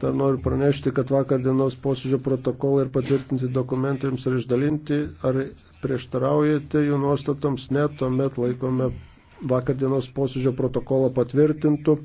Dar noriu pranešti, kad vakar dienos posėdžio protokolai ir patvirtinti dokumentai jums yra išdalinti. Ar prieštaraujate jų nuostatoms? Ne, tuomet laikome vakar dienos posėdžio protokolą patvirtintų.